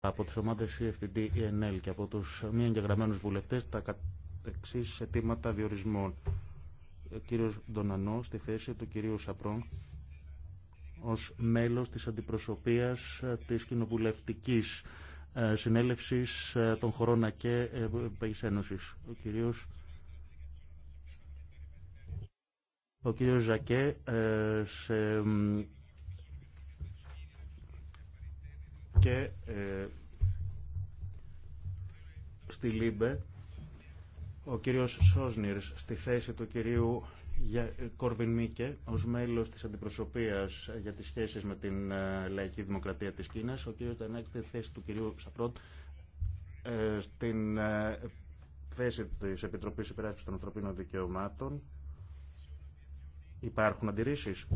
από τις ομάδες cftd ENL και από τους μη εγγεγραμμένους βουλευτές τα εξή αιτήματα διορισμών. Ο κύριος Ντονανό στη θέση του κυρίου Σαπρόν ως μέλος της αντιπροσωπείας της κοινοβουλευτικής ε, συνέλευσης ε, των χωρών ΑΚΕ ε, Ευρωπαϊκής Ένωσης. Ο κύριος ο κύριος Ζακέ σε και ε, στη Λίμπε ο κύριος Σόσνιρς στη θέση του κυρίου Κορβιν Μίκε ως μέλος της αντιπροσωπείας για τις σχέσεις με την ε, λαϊκή δημοκρατία της Κίνας ο κύριος Τανάκης στη θέση του κυρίου Σαπρότ ε, στην ε, θέση της Επιτροπής Υπεράσπισης των Ανθρωπίνων Δικαιωμάτων υπάρχουν αντιρρήσεις